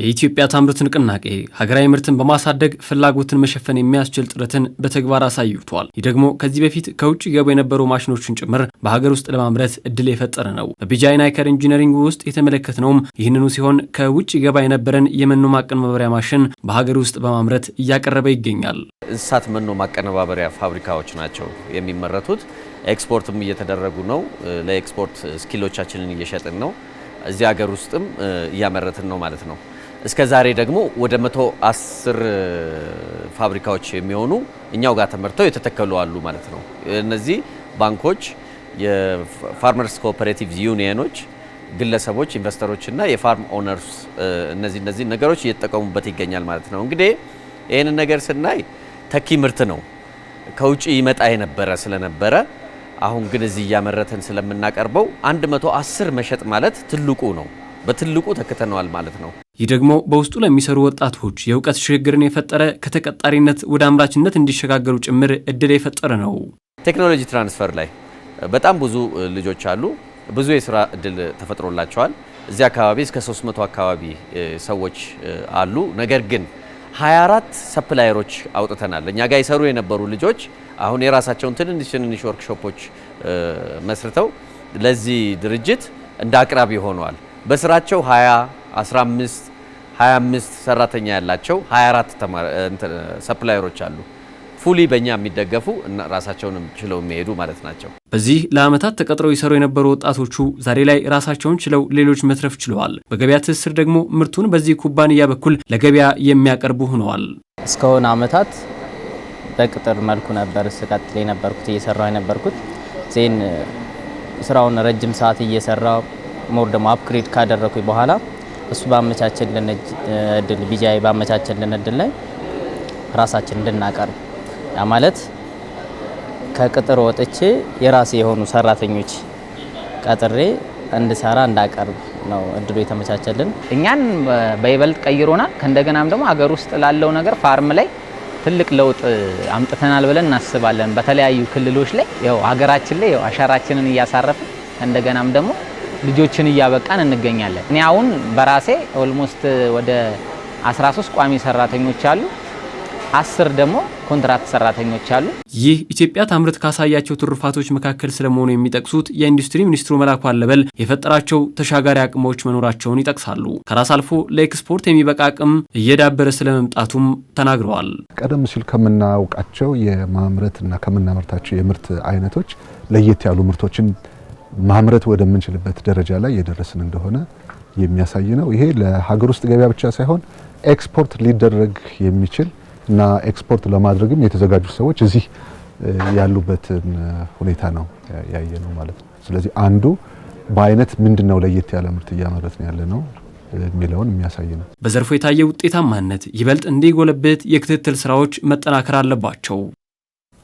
የኢትዮጵያ ታምርት ንቅናቄ ሀገራዊ ምርትን በማሳደግ ፍላጎትን መሸፈን የሚያስችል ጥረትን በተግባር አሳይቷል። ይህ ደግሞ ከዚህ በፊት ከውጭ ገቡ የነበሩ ማሽኖችን ጭምር በሀገር ውስጥ ለማምረት እድል የፈጠረ ነው። በቢጃይን አይከር ኢንጂነሪንግ ውስጥ የተመለከትነውም ይህንኑ ሲሆን ከውጭ ገባ የነበረን የመኖ ማቀነባበሪያ ማሽን በሀገር ውስጥ በማምረት እያቀረበ ይገኛል። እንስሳት መኖ ማቀነባበሪያ ፋብሪካዎች ናቸው የሚመረቱት። ኤክስፖርትም እየተደረጉ ነው። ለኤክስፖርት ስኪሎቻችንን እየሸጥን ነው። እዚህ ሀገር ውስጥም እያመረትን ነው ማለት ነው። እስከ ዛሬ ደግሞ ወደ 110 ፋብሪካዎች የሚሆኑ እኛው ጋር ተመርተው የተተከሉ አሉ ማለት ነው። እነዚህ ባንኮች፣ የፋርመርስ ኮኦፐሬቲቭ ዩኒየኖች፣ ግለሰቦች፣ ኢንቨስተሮች እና የፋርም ኦነርስ እነዚህ እነዚህ ነገሮች እየተጠቀሙበት ይገኛል ማለት ነው። እንግዲህ ይህንን ነገር ስናይ ተኪ ምርት ነው ከውጭ ይመጣ የነበረ ስለነበረ አሁን ግን እዚህ እያመረተን ስለምናቀርበው 110 መሸጥ ማለት ትልቁ ነው። በትልቁ ተክተነዋል ማለት ነው። ይህ ደግሞ በውስጡ ለሚሰሩ ወጣቶች የእውቀት ሽግግርን የፈጠረ ከተቀጣሪነት ወደ አምራችነት እንዲሸጋገሩ ጭምር እድል የፈጠረ ነው። ቴክኖሎጂ ትራንስፈር ላይ በጣም ብዙ ልጆች አሉ። ብዙ የስራ እድል ተፈጥሮላቸዋል። እዚህ አካባቢ እስከ 300 አካባቢ ሰዎች አሉ። ነገር ግን 24 ሰፕላየሮች አውጥተናል። እኛ ጋር ይሰሩ የነበሩ ልጆች አሁን የራሳቸውን ትንንሽ ትንንሽ ወርክሾፖች መስርተው ለዚህ ድርጅት እንደ አቅራቢ ሆነዋል። በስራቸው 20 15 25 ሰራተኛ ያላቸው 24 ሰፕላየሮች አሉ። ፉሊ በእኛ የሚደገፉ ራሳቸውንም ራሳቸውን ችለው የሚሄዱ ማለት ናቸው። በዚህ ለዓመታት ተቀጥረው ይሰሩ የነበሩ ወጣቶቹ ዛሬ ላይ ራሳቸውን ችለው ሌሎች መትረፍ ችለዋል። በገበያ ትስስር ደግሞ ምርቱን በዚህ ኩባንያ በኩል ለገበያ የሚያቀርቡ ሆነዋል። እስካሁን አመታት በቅጥር መልኩ ነበር ስቀጥል የነበርኩት እየሰራው የነበርኩት ዜን ስራውን ረጅም ሰዓት እየሰራ ሞር ደግሞ አፕግሬድ ካደረኩኝ በኋላ እሱ ባመቻቸልን እድል ቢጃይ ባመቻቸልን እድል ላይ ራሳችን እንድናቀርብ ያ ማለት ከቅጥር ወጥቼ የራሴ የሆኑ ሰራተኞች ቀጥሬ እንድሰራ እንዳቀርብ ነው እድሉ የተመቻቸልን። እኛን በይበልጥ ቀይሮናል። ከእንደገናም ደግሞ ሀገር ውስጥ ላለው ነገር ፋርም ላይ ትልቅ ለውጥ አምጥተናል ብለን እናስባለን። በተለያዩ ክልሎች ላይ ያው ሀገራችን ላይ ያው አሻራችንን እያሳረፍን ከእንደገናም ደግሞ ልጆችን እያበቃን እንገኛለን። እኔ አሁን በራሴ ኦልሞስት ወደ 13 ቋሚ ሰራተኞች አሉ፣ አስር ደግሞ ኮንትራክት ሰራተኞች አሉ። ይህ ኢትዮጵያ ታምርት ካሳያቸው ትሩፋቶች መካከል ስለመሆኑ የሚጠቅሱት የኢንዱስትሪ ሚኒስትሩ መላኩ አለበል የፈጠራቸው ተሻጋሪ አቅሞች መኖራቸውን ይጠቅሳሉ። ከራስ አልፎ ለኤክስፖርት የሚበቃ አቅም እየዳበረ ስለመምጣቱም ተናግረዋል። ቀደም ሲል ከምናውቃቸው የማምረትና ከምናመርታቸው የምርት አይነቶች ለየት ያሉ ምርቶችን ማምረት ወደምንችልበት ደረጃ ላይ የደረስን እንደሆነ የሚያሳይ ነው። ይሄ ለሀገር ውስጥ ገበያ ብቻ ሳይሆን ኤክስፖርት ሊደረግ የሚችል እና ኤክስፖርት ለማድረግም የተዘጋጁ ሰዎች እዚህ ያሉበትን ሁኔታ ነው ያየ ነው ማለት ነው። ስለዚህ አንዱ በአይነት ምንድን ነው ለየት ያለ ምርት እያመረት ነው ያለ ነው የሚለውን የሚያሳይ ነው። በዘርፉ የታየ ውጤታማነት ይበልጥ እንዲጎለብት የክትትል ስራዎች መጠናከር አለባቸው።